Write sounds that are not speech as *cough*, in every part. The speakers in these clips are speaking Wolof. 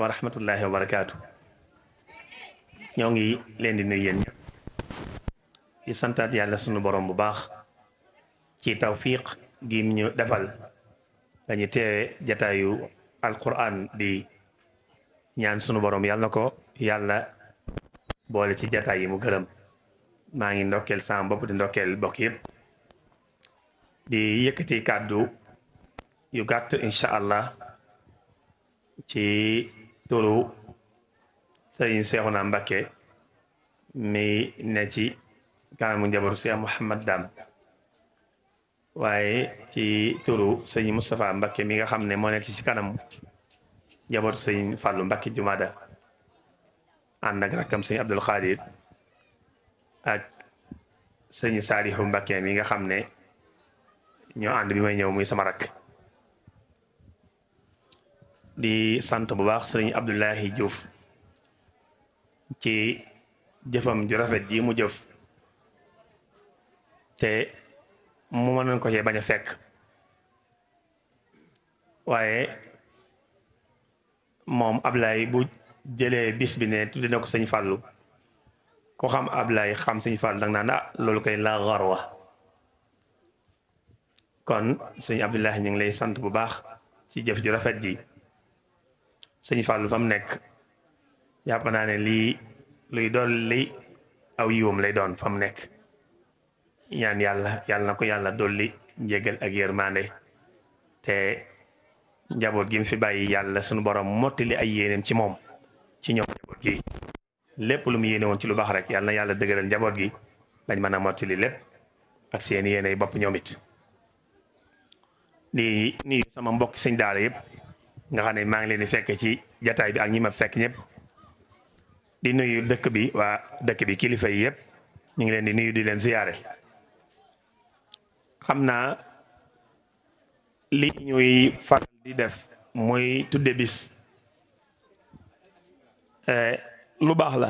wa rahmatullahi wa barakatuh ñoo ngi leen di nuyu ñepp di santat yalla sunu borom bu baax ci tawfiq gi ñu defal dañu téwé jotaayu alquran di ñaan sunu borom yalla nako ko boole ci jataay yi mu gëreem ma ngi ndokkel sa mbop di ndokkel bokk yépp di yëkëti kaddu yu gatt incha allah ci loolu sëriñ Seexuna Mbakke mi ne ci kanamu njabootu Seex Muhammad Dam waaye ci turu sëñ Moustapha Mbakke mi nga xam ne moo nekk ci kanam njabootu sëñ Fàllu Mbakke Jumada ànd ak rakkam sëñ Abdul Xaadir ak sëñ Saalihu Mbakke mi nga xam ne ñoo ànd bi may ñëw muy sama rakk di sant bu baax serigne abdullahi Diouf ci jëfam ju rafet ji mu jëf té mu mënon ko ci baña fekk waaye mom ablay bu jëlé bis bi né tudde nako ko fallu ko xam ablay xam serigne Fàllu danga nana ah loolu la gharwa kon serigne abdullahi ñing lay sant bu baax ci jëf ju rafet ji sëñ Fallou fa nekk jàpp naa ne lii luy dolli aw yiwam lay doon fa nekk ñaan yàlla yàlla na ko yàlla dolli njégal ak yërmande te njaboot gi mu fi bàyyi yàlla sunu borom mottili ay yéeneem ci moom ci ñoom njaboot gi lépp lu mu yéene woon ci lu baax rek yàlla na yàlla dëgëral njaboot gi lañ mën a mottali lépp ak seen yéene bopp ñoom ni di sama mbokk sëñ daal yëpp nga xam ne maa ngi leen di fekk ci jataay bi ak ñi ma fekk ñëpp di nuyu dëkk bi waa dëkk bi kilifa yi yëpp ñu ngi leen di nuyu di leen ziyaare xam naa li ñuy faral di def muy tudde bis eh, lu baax la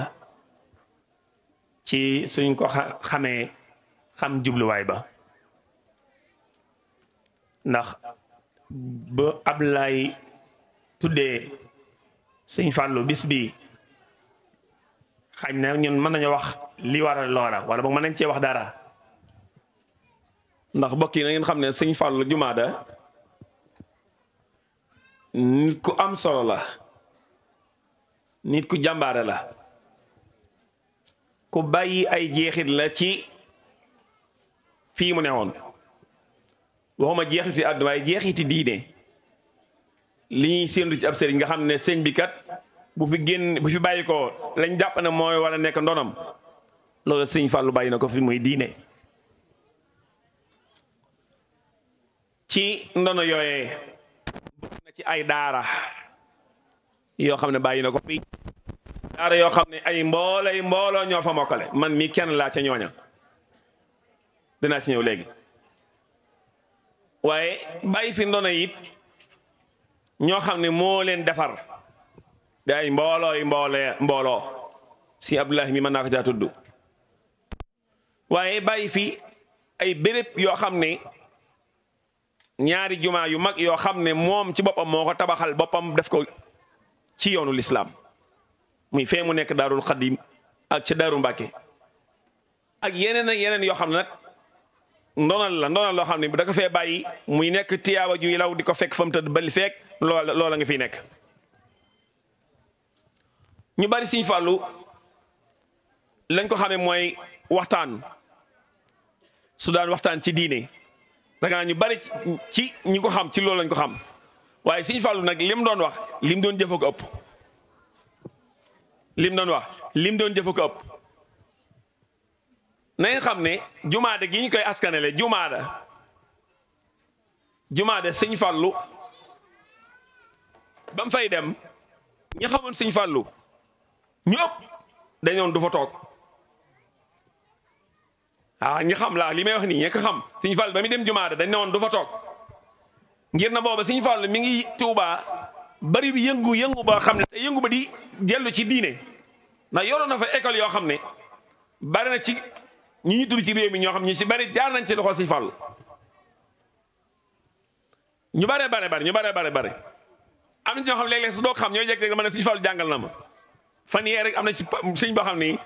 ci suñ ko xamee xam jubluwaay ba ndax ba Ablaay tuddee sëñ fàllu bis bi xaj na ñun mën nañu wax li waral loola wala boog mën nañ cee wax dara ndax mbokk yi na ngeen xam ne sëñ Fallou Jumaada nit ku am solo la nit ku jàmbaare la ku bàyyi ay jeexit la ci fii mu ne woon waxuma jeexiti àdduna waaye jeexiti diine li ñuy séentu ci ab sëriñ nga xam ne sëñ bi kat bu fi génn bu fi bàyyi ko lañ jàpp ne mooy war a nekk ndonam loolu sëñ Fallou bàyyi na ko fi muy diine. ci ndono yooyee bokk na ci ay daara yoo xam ne bàyyi na ko fi daara yoo xam ne ay mboolay mbooloo ñoo fa mokkale man mi kenn laa ca ñooña dinaa ci ñëw léegi waaye bàyyi fi ndono it. ño xam mo len defar day mbolo mbolo mbolo si abdullah mi manaka ja tuddu waye bay fi ay bereb yo xam ñaari juma yu mag yo xam mom moom ci bopam moko tabaxal bopam def ko ci yoonu l'islam muy fe mu nek darul qadim ak ci daru mbake ak yenen ak yenen yo xam ndonal la ndonal lo xamni ne da ko muy nek law di fek fam teud bal fek loola loola nga fiy nekk ñu bari Sëñ Fàllu lañ ko xamee mooy waxtaan su daan waxtaan ci diine dangaa ñu bari ci ñi ko xam ci loolu lañ ko xam waaye Sëñ Fàllu nag lim doon wax lim doon jëfa ko ëpp lim doon wax lim doon jëfa ko xam ne jumaada gi ñu koy askanele jumaada jumaada Sëñ Fàllu ba mu fay dem ñi xamoon sëñ fàllu ñëpp dañoon du fa toog ah ñi xam laa li may wax nii ñi ko xam sëñ fàllu ba muy dem jumaada dañ ne woon du toog ngir na booba sëñ fàllu mi ngi tuubaa bari bi yëngu yëngu ba xam ne te yëngu ba di dellu ci diine ndax yoroon na fa école yoo xam ne bari na ci ñi ñu tudd ci réew mi ñoo xam ñi ci bari jaar nañ ci loxo sëñ fàllu ñu bare bare bare ñu bare bare bare am na ñoo xam léeg-léeg su doo xam ñooy jekk rek ma ne Sëñ jàngal na ma fan yee rek am na ci sëñ boo xam nii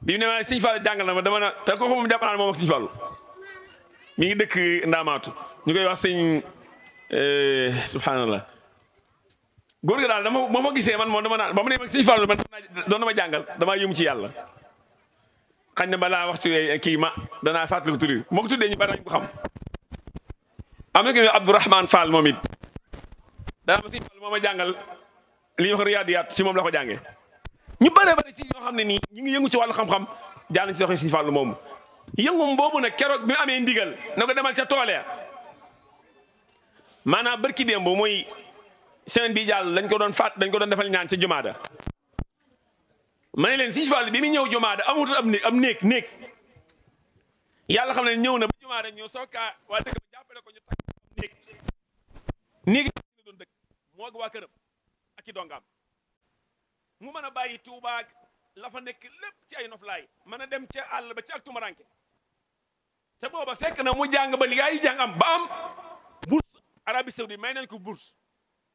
bi mu ne ma Sëñ Fallu jàngal na ma dama na te kooku moom jàpp naa ne moom ak Sëñ Fallu mi ngi dëkk Ndaamaatu ñu koy wax sëñ eh, subhanallah góor gi daal dama ba ma gisee man moom dama naan ba mu ne ma Sëñ doon na ma jàngal damaa yëm ci yàlla xañ ne balaa wax ci kii ma danaa fàttaliku turi moo ko tuddee ñu bari nañ ko xam am na ko Abdourahmane Fall moom it dama si Fall moo jangal li wax riyadiyat si mom la ko jangé ñu bëree bëri ci ñoo xam ni ñi ngi yëngu ci walu xam-xam jaan ci doxé seigne Fall mom yëngum boobu nak kérok bi amé ndigal na ko demal ci tolé ya barki dembo moy semaine bi jall dañ ko doon faat dañ ko doon defal ñaan ci jumaada mané len seigne Sëñ Fall bi mi ñëw jumaada amutul am néeg am néeg néeg yalla xam ne ñëw na bu jumaada ñëw soka wa dëgg ba jàppale ko ñu tak néeg néeg moo wa waa këram ak i dongaam mu mana a bàyyi tuubaag la fa nekk lépp ci ay noflay mën dem ci all ba ci ak tumaranke te booba fekk na mu jang ba li ay jàng am ba am bourse Arabie saoudi may nañ ko bourse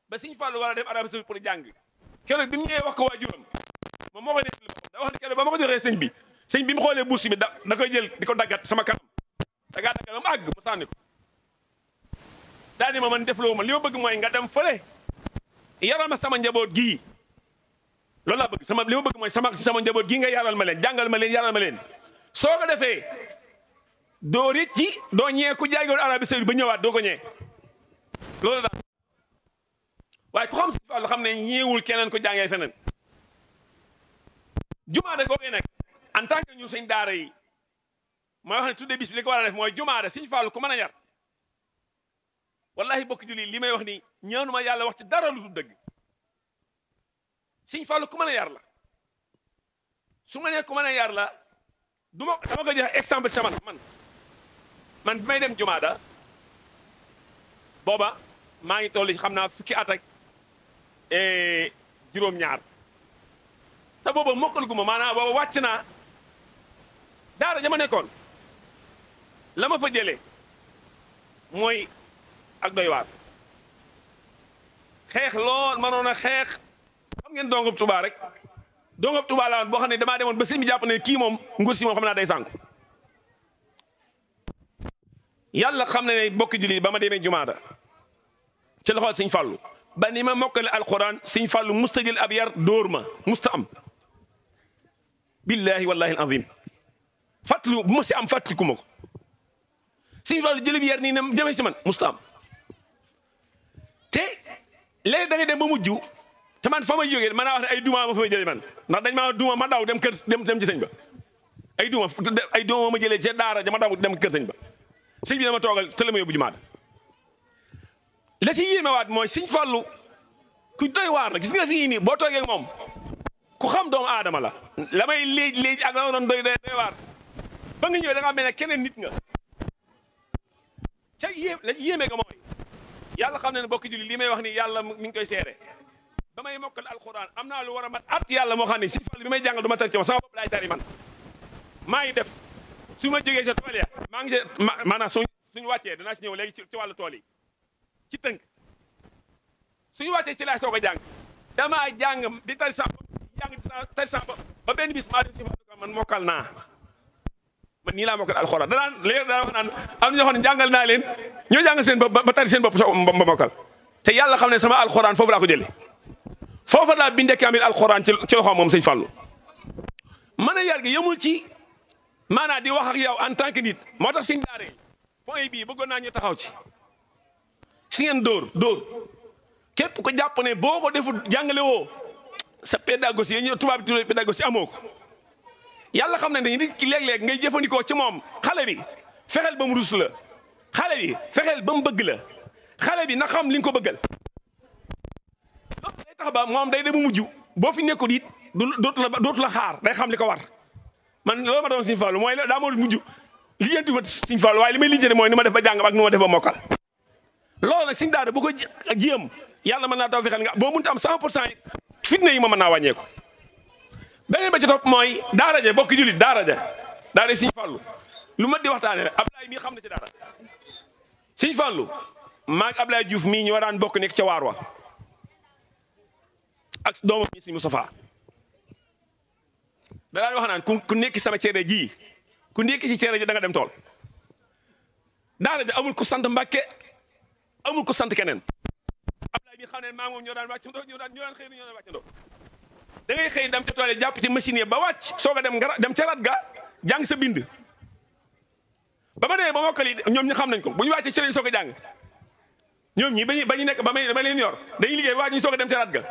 ba seigne Fallu war dem Arabie saoudi pour jang keroog bi mu wax ko waajuram mo mo ko nekk da wax ni keroog ba mako ko seigne bi seigne bi mu xoolee bourse bi da koy jël diko dagat sama kanam daga daggat ba mu àgg mu sànni ko daal ma man defloo ma li ma bëgg moy nga dem feulé yaral ma sama njaboot gii loolu laa bëgg sama li ma bëgg mooy sama sama njaboot gii nga yaral ma leen jàngal ma leen yaral ma leen soo ko defee doo rëcc ci doo ñee ku jaagoon Arabie Saoudite ba ñëwaat doo ko ñee loolu daal waaye ku xam si Fallou xam ne ñeewul keneen ko jàngee feneen jumaada googee nag en tant que ñun sëñ daara yi mooy wax ne tuddee bis ko war a def mooy jumaada sëñ Fallou ku mën a yar wallahi bokk julli li may wax ni ñaanu ma yàlla wax ci dara lu dul dëgg Sëñ Fallu ku mën a yar la su ma ne ku mën a yar la du ma dama ko joxe exemple sama man man bi may dem jumaada booba maa ngi toll xam naa fukki at ak e, juróom-ñaar te booba mokkal gu ma maanaam booba wàcc naa daara ja ma nekkoon la ma fa jëlee mooy ak doy waar xeex lool mënoon a xeex xam ngeen dongub Tuubaa rek dongub Tuubaa laa woon boo xam ne damaa demoon ba sëñ bi jàpp ne kii moom nguur si moom xam naa day sànku yàlla xam na ne bokki julli ba ma demee jumaada ci loxol sëñ Fallu ba ni ma mokkale alquran sëñ Fallu musta jël ab yar dóor ma musta am billahi wallahi alazim fàttaliwu bu ma si am fàttaliku ko sëñ Fallu jël ab jëmee si man musta am te léegi da ngay dem ba mujj te man fa may jógee mën naa ay duma ma fa may jëlee man ndax dañ maa duma ma daw dem kër dem dem ci sëñ ba ay duma ay duma ma jëlee ca daara ja ma daw dem kër sëñ ba sëñ bi dama toogal te la ma yóbbu jumaa la ci yéeme mooy sëñ Fallu ku doy gis nga fii nii boo toogee moom ku xam doom aadama la la may léej léej ak la doon doy doy waar ba nga ñëwee da nga keneen nit nga ca yéem la ci yéeme nga mooy yàlla xam na ne bokki julli li may wax ni yàlla mi ngi koy seere ba may mokkal alquran am naa lu war a mat at yàlla moo xam ne si fal bi may jàngal du ma tari ci ma sama bopp laay tari man maa ngi def si ma jógee ca tool ya maa ngi maanaam suñ suñu wàccee danaa ci ñëw léegi ci wàllu tool yi ci tënk wàccee ci laay a jàng damaa jàng di tari sa bopp jàng di tari sa bopp ba benn bis maa dem si man mokkal naa man nii laa mokkal alxuraan danaan léegi daa wax naan am na ñoo jàngal naa leen ñoo jàngal seen bopp ba tari seen bopp so ba mokkal te yàlla xam ne sama alxuraan foofu laa ko jëlee foofa laa bindee kaamil alxuraan ci ci loxoom moom sëñ Fallou mën a yar gi yëmul ci maanaam di wax ak yow en tant que nit moo tax suñ daare point bii bëggoon naa ñu taxaw ci si ngeen dóor dóor képp ko jàpp ne boo ko deful jàngale woo sa pédagogie ñëw tubaab bi tubaab pédagogie amoo ko yàlla xam na ne nit ki léeg-léeg ngay jëfandikoo ci moom xale bi fexeel ba mu rus la xale bi fexeel ba mu bëgg la xale bi na xam li nga ko bëggal loolu day tax ba moom day dem mu mujj boo fi nekkul it du dootu la dootu la xaar day xam li ko war man loolu ma doon Sëñ Fallu mooy daa ma mujj lijjanti ma Sëñ Fallu waaye li may lijjanti mooy ni def ba jàng ak ni ma def ba mokkal loolu nag Sëñ Daara bu ko jéem yàlla mën naa taw fexeel nga boo mënut am 100 pour cent it fitna yi ma mën naa wàññeeku beneen ba ci topp mooy daara ja bokki jullit daara ja daara Sëñ Fallu lu mat di waxtaane la mii xam na ci daara Sëñ Fallu maa ngi Ablaye mii ñu war daan nekk ca waar wa ak doomam mii Sëñ Moustapha da daan wax naan ku ku nekk sama cere ji ku nekk ci cere danga da dem tool daara ja amul ku sant Mbàkke amul ku sant keneen Ablaye mii xam ne maa moom ñoo daan wàccandoo ñoo daan ñoo daan xëy na ñoo da xëy dem ci tool jàpp ci machine yi ba wàcc soog a dem nga dem ca rat ga jàng sa bind. ba ma dee ba mokkal yi ñoom ñu xam nañ ko bu ñu wàccee ci lañ soog a jàng ñoom ñi ba ñu ba ñu nekk ba ma leen yor dañuy liggéey ba wàcc ñu soog dem ca rat ga.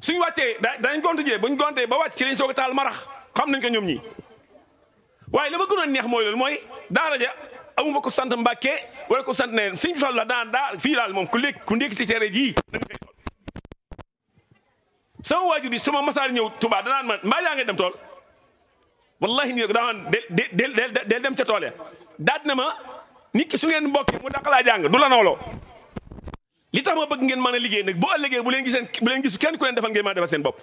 suñu wàccee da dañ gont jee buñ gontee ba wàcc ci lañ soog taal marax xam nañ ko ñoom ñi waaye la ma gënoon neex mooy loolu mooy daara ja amu fa ko sant Mbàkke wala ko sant ne suñ Fallu la daan daa fii laal moom ku ku ndékki ci tere jii sama waju di sama masar ñew tuba da man ma ya nga dem tol wallahi ñu da daa man del del dem ci tolé ya na ma nit ki su ngeen mbokk mu dak la jang du la nolo li tax ma bëgg ngeen mëna a liggéey nag boo ëllëgee bu leen giseen bu leen gis kenn ku leen defal ngeen ma defal seen bop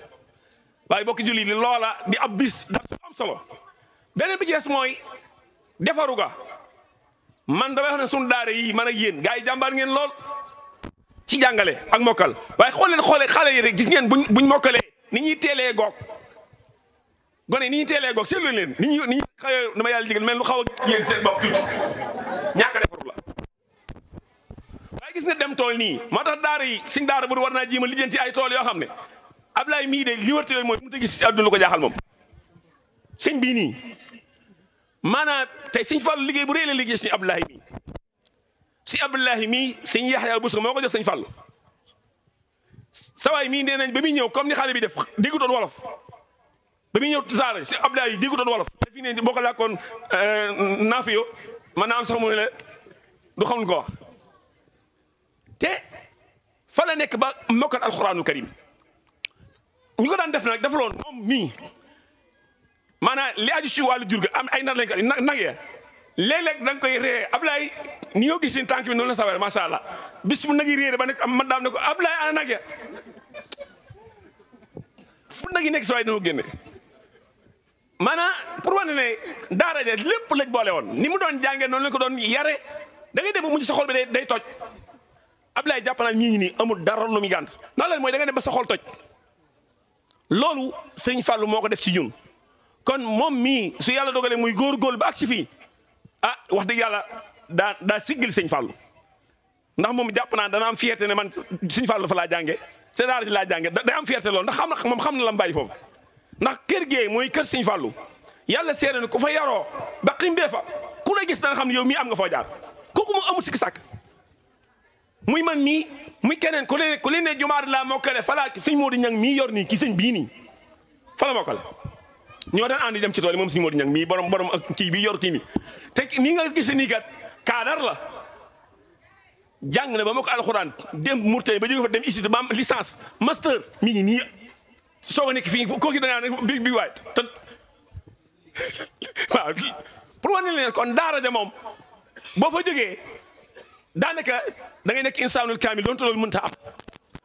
waye bokki julli li lola di ab bis daf su am solo benen bi jees mooy defaru ga man da wax ne sun daara yi man ak yéen gars ngeen lol ci jàngale ak mokal waaye xool leen xoolee xale yi rek gis ngeen bu buñ mokkalee ni ñuy teelee goog gone ni ñuy teelee goog seetlu leen ni ñuy ni ñuy xawee dama yàlla digal mel lu xaw a yéen seen bopp tuuti ñàkk a defaru la waaye gis ne dem tool nii moo tax daara yi suñ daara bu war naa jéem a lijjanti ay tool yoo xam ne Ablaye mii de liberté yooyu mooy mu ta gis ci àdduna ko jaaxal moom sëñ bii nii maanaam tey sëñ Fallu liggéey bu rëy liggéey sëñ Ablaye mii si abdullahi mi seigne yahya Bousso moko ko jox sëñ Fallou sawaay mii nee nañ ba ñëw comme ni xale bi def déggutoon wolof bamiy ñëw tasaare si Abdoulahi déggutoon wolof fi ne boko la kon naafiyo mën naa am sax mu le du xam ko wax te fa la nekk ba mokkat alxuraanul karim ñu ko daan def nak dafa lon mom mi mana li aju ci walu jurga am ay nar lañ ko nak ya léeg-léeg da koy ree Ablaye ni nga gis seen tànk bi noonu la sawar macha allah bis bu nag yi réere ba nekk am ma daam ne ko Ablaye ana nag ya fu nag yi nekk si waay dina ko maanaam pour wane ne lépp lañ boole woon ni mu doon jàngee noonu lañ ko doon yare da ngay dem mu mujj sa xol bi day toj Ablaye jàpp naa ñii nii amul dara lu muy gànt ndax lan mooy da dem ba sa xol toj loolu Serigne Fallou moo ko def ci ñun kon moom mii su yàlla dogalee muy góor-góor ba ak si fii. ah wax dëgg yàlla daa daa siggil sëñ Fallou ndax moom jàpp naa dana am fierté ne man sëñ Fallou fa laa jànge te daara laa jànge day am fierté loolu ndax xam na moom xam na la mu bàyyi foofu ndax kër gee mooy kër sëñ Fallou yàlla seere ne ku fa yaroo ba ximbee fa ku la gis dana xam ne yow mii am nga foo jaar kooku mu amul sikki sàkk muy man mii muy keneen ku leen ku leen ne jumaar laa mokkale falaa sëñ Modou Niang mii yor nii ki sëñ bii nii fa ñoo daan ànd dem ci tool yi moom suñu Modou Niang mii borom borom ak kii bi yor kii mi te nii nga gisee nii kat kaadar la jàng na ba ma ko alxuraan dem Mourtani ba jóge fa dem ISIT ba am licence master mi ngi nii soog a nekk fii ko danaa ne bi bi waay te *laughs* waaw leen kon daara moom boo fa jógee daanaka da ngay nekk insaanul kaamil doonte loolu mënta am.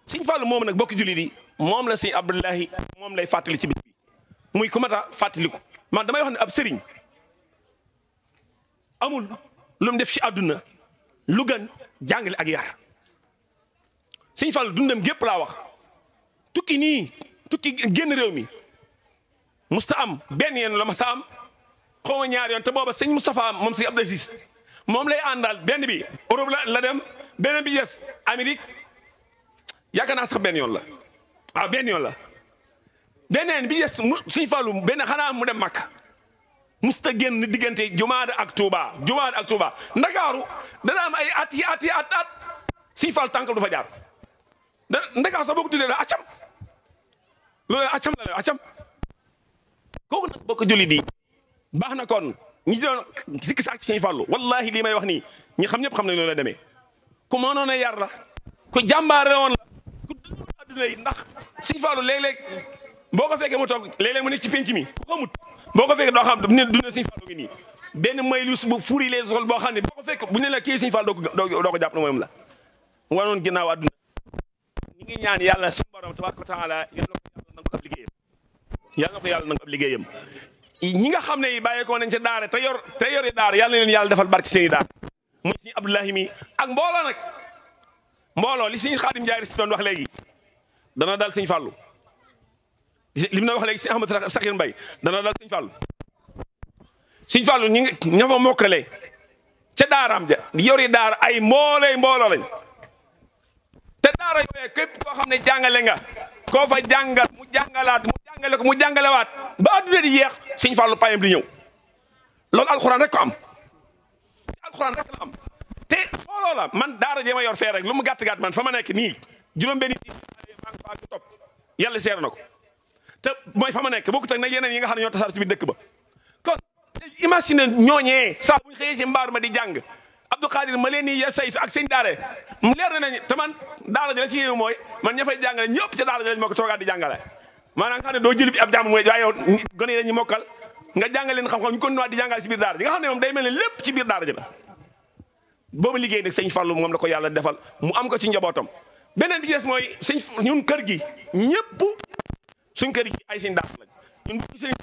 Sëñ Fallu moom nag bokki jullit yi moom la sëñ Abdullahi moom lay fàttali ci bi muy ku mat a fàttaliku man damay wax ne ab sëriñ amul lu mu def ci àdduna lu gën jàngale ak yar sëñ Fall dundam gépp laa wax tukki nii tukki génn réew mi musta am benn yoon la ma sa am xaw ma ñaar yoon te booba sëñ Moustapha moom si Abdou Aziz moom lay àndal benn bi Europe la la dem benn bi yes Amérique yaakaar naa sax benn yoon la waaw benn yoon la beneen bi yes mu suñ fàllu benn xanaa mu dem Makka musta génn diggante jumaada ak Touba jumaada ak Touba ndakaaru dana am ay at yi at yi at at suñ du fa jaar da ndakaaru sax la acam loolu acam kooku nag bokk julli di baax na kon ñi doon sikki saak ci suñ wallahi lii may wax nii ñi xam ñëpp xam nañ loolu la demee ku mënoon a yar la ku jàmbaare woon la ku dëgg adduna yi ndax boo ko fekkee mu toog léeg-léeg mu nekk ci penc mi ku xamut boo ko fekkee doo xam ne dund Fallu ngi nii benn maylus bu fuur yi sol boo xam ne boo ko fekk bu ne la kii suñu Fallu doo ko doo ko jàpp na la wanoon ginnaaw àdduna ñu ngi ñaan yàlla suñu borom tabaaraka wa taala yàlla ko yàlla nangu ab liggéeyam yàlla ko yàlla nangu ab liggéeyam ñi nga xam ne yi bàyyeekoo nañ ca daara te yor te yori daara yàlla na leen yàlla defal barke seen i daara muy suñu Abdoulahi mi ak mbooloo nag mbooloo li suñu Xaadim Njaay si doon wax léegi dana dal suñu Fallu li na wax léegi si Ahmad Sakhir Mbaye dana dal sëñ Fallou sëñ Fallou ñi ña mokkale ca daaraam ja yori daara ay mbooley mbooloo lañ te daara yooyee képp koo xam ne jàngale nga koo fa jàngal mu jàngalaat mu jàngale ko mu jàngalewaat ba adduna di yeex sëñ Fallou payam di ñëw loolu alxuraan rek ko am alxuraan rek te mbooloo la man daara jee ma yor fee rek lu mu gàtt gàtt man fa ma nekk nii juróom-benn yi maa ngi ko topp yàlla seer na ko te mooy fa nekk bokkut ak nag yeneen yi nga xam ne ñoo tasaar ci biir dëkk ba kon imagine ñooñee saa bu xëyee ci mbaaru ma di jàng Abdou Khadir ma leen ya saytu ak seen daare leer na nañ te man daara ji la ci yéew mooy man ña fay jàngale ñëpp ca daara ji lañ moo ko toogaat di jàngale maanaam nga xam ne doo jël bi ab jàmm mooy waaye yi dañuy mokkal nga jàngal leen xam-xam kon continué di jàngale ci biir daara ji nga xam ne moom day mel ne lépp ci biir daara ji la boobu liggéey nag sëñ Fallou moom la ko yàlla defal mu am ko ci njabootam beneen bi ci des mooy sëñ gi suñ kër yi ay sëñ daara lañ ñun bu sëriñ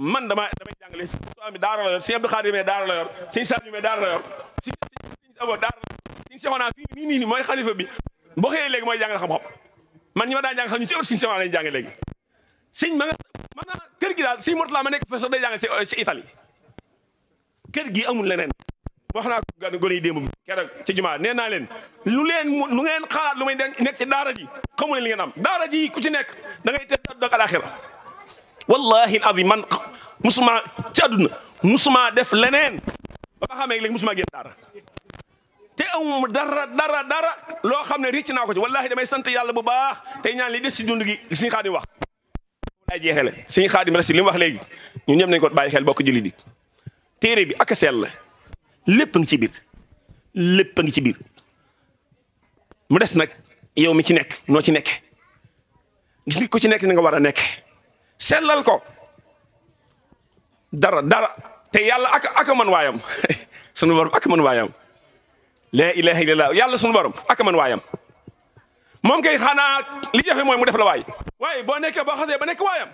man dama damay jàngale si mi daara la yor sëñ Abdou Khadir mee daara la yor sëñ Sadio mee daara la yor mooy xalifa bi boo xëyee léegi mooy jàngale xam-xam man ñi ma daan jàng xam ñu ci ëpp sëñ Seexuna lañ jànge léegi sëñ ma nga maanaam kër gi daal sëñ Mourtala ma nekk fa sax day jàngale si Italie kër gi amul leneen wax naa ko gan gone yi démb keroog ci jumaa nee naa leen lu leen lu ngeen xalaat lu may nekk ci daara ji xamu leen li ngeen am daara ji ku ci nekk da te tëdd àdduna ak alaxira wallahi azim man musuma ci àdduna musuma def leneen ba nga xamee léegi musuma génn daara te amuma dara dara dara loo xam ne ricc naa ko ci wallahi damay sant yàlla bu baax tey ñaan li si dund gi li suñu xaadim wax laay jeexele suñu xaadim rek si li mu wax léegi ñun ñëpp nañ ko bàyyi xel bokk julli di téere bi ak sell la lépp a ngi ci biir lépp a ngi ci biir mu des nag yow mi ci nekk noo ci nekk gis nga ko ci nekk ni nga war a nekk sellal ko dara dara te yàlla ak ak man waayam *laughs* sunu borom ak man waayam la ilaha illallah yàlla sunu borom ak man waayam moom kay xanaa li jafe mooy mu def la waay waaye boo nekkee boo xasee ba nekk waayam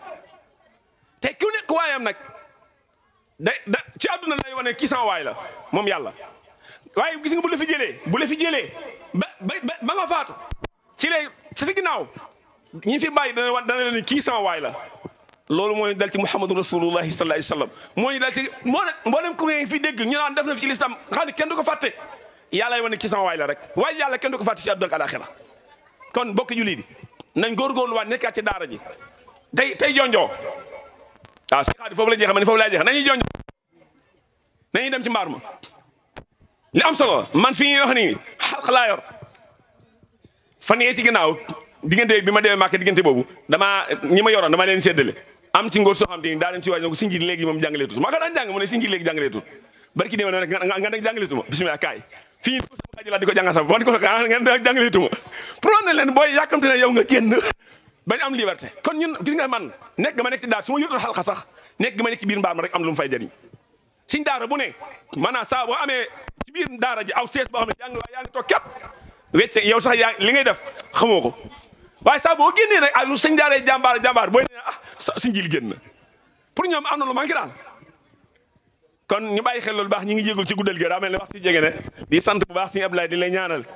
te ku nekk waayam nag da da ci àdduna lay wane kii sama waay la moom yàlla waaye gis nga bu la fi jëlee bu la fi jëlee ba ba ba nga faatu ci lay ci sa ginnaaw ñi fi bàyyi dana wan dana leen kii sama waay la loolu mooy dal ci muhammadu rasulullahi sallallahu alayhi wasallam moo ñu dal ci moo nag mboolem ku ngeen fi dégg ñu naan def na fi ci lislam kenn du ko fàtte yàlla wane kii sama waay la rek waaye yàlla kenn du ko fàtte ci àdduna ak alaxira kon mbokk jullit yi nañ góorgóorluwaat nekkaat ci daara ji tey tey jonjoo ah Cheikh Hadi fofu la jeexal man fofu la jex nañu joñ nañu dem ci mbaar li am solo man fi ñuy wax ni xalx la yor fan yee ci ginnaaw diggante bi ma demee màkk diggante boobu damaa ñi ma yoroon dama leen séddale am ci ngor soo xam te ni daa dem ci waaj na ko si njir léegi moom tut maa ko daan jàng mo ne si njir léegi tut barki déma nak nga nak jàngalee tut bismillah kaay fii sama xadi la diko ko jàngal sama man ko ah, ngeen jàngalee tut pour wan ne leen booy yàkkamte ne yow nga kenn bañ am liberté kon ñun gis nga man nek gama nek ci daar suma yottal yóbbu sax nek gama nek ci biir mbam rek am lu mu fay jëri suñ daara bu ne maanaam sa bo amé ci biir daara ji aw sees bo xamné jang la yaangi tok kep toog yow sax yaa li ngay def xamoko ko sa bo génné génnee rek ah lu suñ daara jambar jambar booy nee ah suñ jil génn pour ñom amna lu manki daal kon ñu bàyyi xel loolu baax ñi ngi yégul ci guddal gi ramel wax ci jege di sante bu baax suñu Abdoulaye di lay ñaanal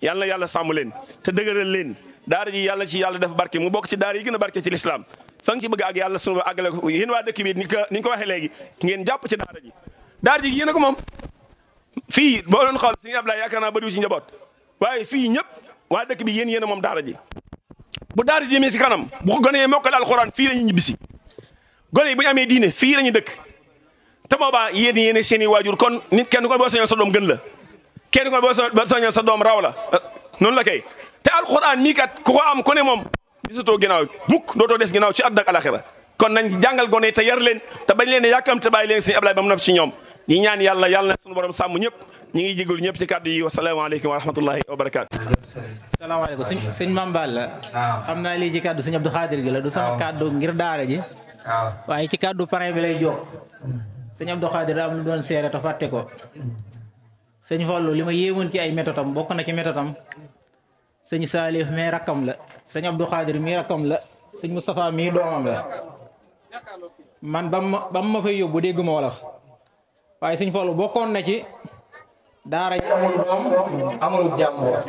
yalla yalla sàmm leen te dëgëral len daara ji yàlla ci yàlla def barke mu bokk ci daara yi gën a barke ci lislaam fan ci bëgg ak yàlla sunu ba àggale ko yéen waa dëkk bi ni ko ni ko waxee ngeen jàpp ci daara ji daara ji yéen ko moom fii boo doon xool suñu Ablaye yaakaar naa bëriwu ci njaboot waaye fii ñëpp waa dëkk bi yéen yéen a moom daara ji bu daara ji jëmee kanam bu ko gone yee mokkal alxuraan fii la ñuy ñibbisi gone yi bu ñu amee diine fii la ñuy dëkk te boobaa yéen yéen seen i waajur kon nit kenn ko boo sañoon sa doom gën la kenn ko boo sañoon sa doom raw la noonu la kay te alxuraan mii kat ku ko am ku moom gisatoo ginnaaw mukk dootoo des ginnaaw ci àdduna ak alaxira kon nañ jàngal gone te yar leen te bañ leen ne yàkkam te bàyyi leen sëñ Ablaye ba mu nopp ci ñoom ñi ñaan yàlla yàlla na suñu borom sàmm ñëpp ñi ngi jégul ñëpp ci kàddu yi wasalaamaaleykum wa rahmatullahi wa barakaatu salaamaaleykum sëñ sëñ Mambal la am naa lii ci kàddu sëñ Abdou Khadir gi la du sama kàddu ngir daara ji waaye ci kàddu parrain bi lay jóg sëñ Abdou Khadir da am lu doon ko mm. sëñ Fallou li ma yéemoon ci ay bokk na ci sëñ Salif mi rakam la sëñ Abdou Khadir mi rakam la sëñ Moustapha mi domam la man bam bam ma fay yobou dégg ma wolof waaye sëñ Fallu bokon na ci daara amul dom amul jàmbur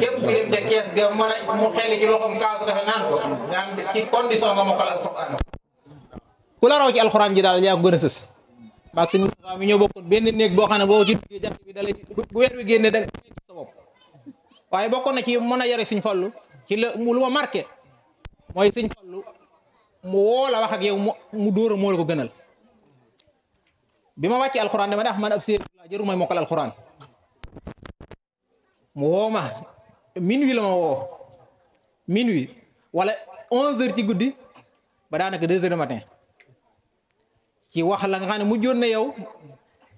képp ku dem ca kees ga mo a mu xeli ci loxom kaasu dafa nan ko naan ci condition nga mo mokkal alquran ku la raw ci alquran ji dal ya ko gën a sës maag sëñ mi ñoo bokkoon benn neeg bo xana bo ci jatt bi dalay bu weer wi génne dalay waaye bokkoon na ci mën a yore sëñ fallu ci la lu ma marqué mooy sëñ fallu mu woo la wax yow mu dóor a moo ko gënal bi ma wàccee alxuraan dama dax ah, man ab séeréer laa jëru may mokkal alxuraan mu woo ma minuit la ma woo minuit wala onze heures ci guddi ba daanaka deux heures du matin ci wax la nga xam ne mujjoon na yow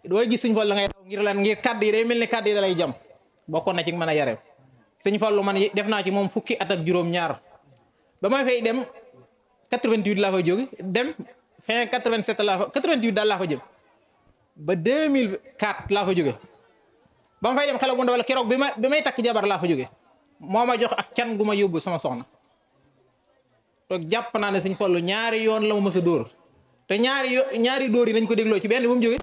dooy gis sëñ fallu la ngay daw ngir lan yi day mel ni kàddu yi da lay jam bokkoon na ci mën a yare seigne fallo man def naa ci mom fukki at ak juróom-ñaar ba may fay dem 88 la fa jogi dem fin 87 la fa 88 dal la fa jëm ba 2004 la fa jóge ba ma fay dem xelagu ndaw la keroog bi ma bi jabar la fa jóge moma jox ak cyan guma yobbu sama soxna tok japp na ne seigne fallo ñaari yoon la ma mësa door te ñaari ñaari door yi nañ ko deglo ci benn bu mu jóge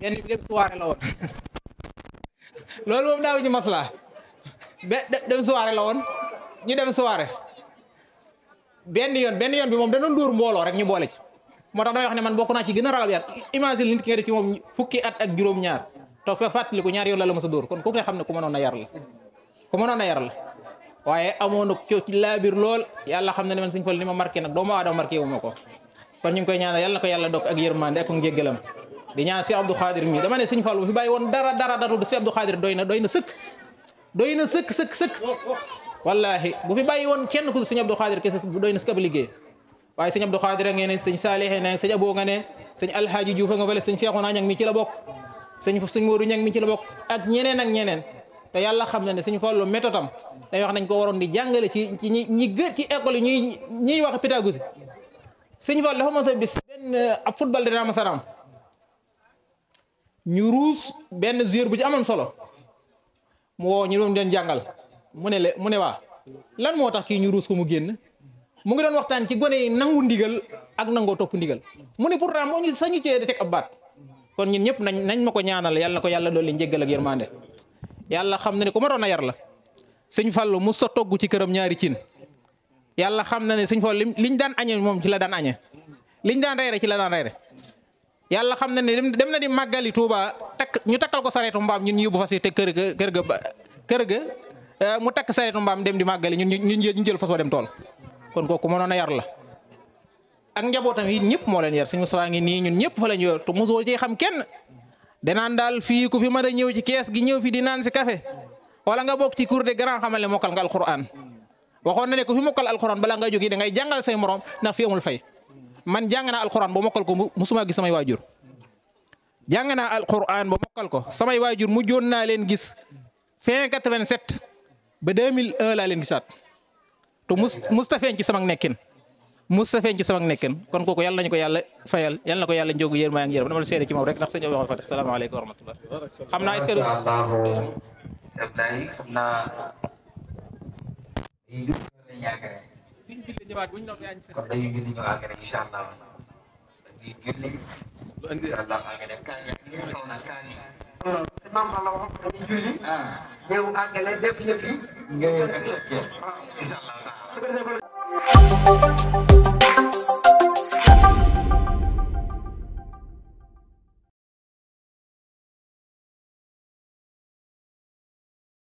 benn bi dem soirée la woon *laughs* loolu moom daaw ci masla be dem soirée la woon ñu dem soirée benn yoon benn yoon bi moom danoon dóor mbooloo rek ñu boole ci moo tax damay wax ne man bokk naa ci gën a ragal yar imagine nit fukki at ak juróom-ñaar te fa fàttaliku ñaar yoon la la mos a dóor kon ku ne xam ne ku mënoon a yar la ku mënoon a yar la waaye amoon ci laabir lool yàlla xam na ne man suñ fal ni ma marqué nag doomu a marqué wu ma ko kon ñu koy ñaanal yal na ko yalla dok ak yërmande ak njéggalam di ñaan si Abdou Khadir mi dama ne suñ fi doy na doy doy na sëkk sëkk sëkk wallaahi bu fi bàyyi woon kenn ku dul sëñ Abdou Khadir kese doy na sëkk ab liggéey waaye sëñ Abdou Khadir ngeen ne sëñ Saalih ne sëñ Aboo nga ne sëñ Alhaaji Juufa nga fële sëñ Seexuna Ñang mi ci la bokk sëñ sëñ Moodu Ñang mi ci la bokk ak ñeneen ak ñeneen te yàlla xam na ne sëñ Fallu méthode am day wax nañ ko waroon di jàngale ci ci ñi ñi gën ci école yi ñuy ñuy wax pédagogie sëñ Fallu dafa mos a bis benn uh, ab football dina am saram ñu ruus benn joueur bu ci amoon solo mu wow ñu doon leen jàngal mu ne le mu ne waa lan moo tax kii ñu ruus ko mu génn mu ngi doon waxtaan ci gone yi nangu ndigal ak nangoo topp ndigal mu ne pourtant moo ñu sa ñu cee teg ab baat kon ñun ñëpp nañ nañ ma ko ñaanal yàlla na ko yàlla dool dolli njéggal ak yërmande yàlla xam na ne ku ma doon a yar la sëñ Fallu mu sa togg ci këram ñaari cin yàlla xam na ne sëñ li ñu daan añe moom ci la daan li ñu daan reere ci la daan re yalla xam na ne dem na di magali Touba tak ñu takal ko sareetu mbam ñun ñu yóbbu te kër ga kër ga kër ga eh, mu tak sareetu mbam dem di magali, ñun ñu jël faso dem tol, kon koku mo nona yar la. ak njabotam yi ñepp mo leen yar señu saa ngi ni ñun ñepp fa la ñu yor te mosoo cee xam kenn nan dal fi ku fi ma da ñew ci caisse gi ñew fi di nan si café wala nga bok ci cour de grand xamale mokal nga alquran waxon na ne ku fi mokal alquran bala nga jógee da ngay jangal say morom na fi amul fay man jàng naa alquran ba mokkal ko musuma gis samay waajur jàng naa alquran ba mokkal ko samay waajur mujjoon naa leen gis fin 87 ba 2001 laa leen gisaat te mus musta feeñ ci sama nekkin musta feeñ ci sama nekkin kon kooku yàlla nañu ko yàlla fayal yàlla na ko yàlla njóogu yéen maa ngi yërëm dama la seede ci moom rek ndax sëñ bi waxal fa salaamaaleykum wa rahmatullah xam naa est-ce que Ablaye xam naa kon dañuy julli ñu àgg rek incha allah dañuy julli. incha allah àgg rek. maam Balla wax dañuy julli. ñëw àggale def yëf yi. nga yëg ak chef yi. incha allah.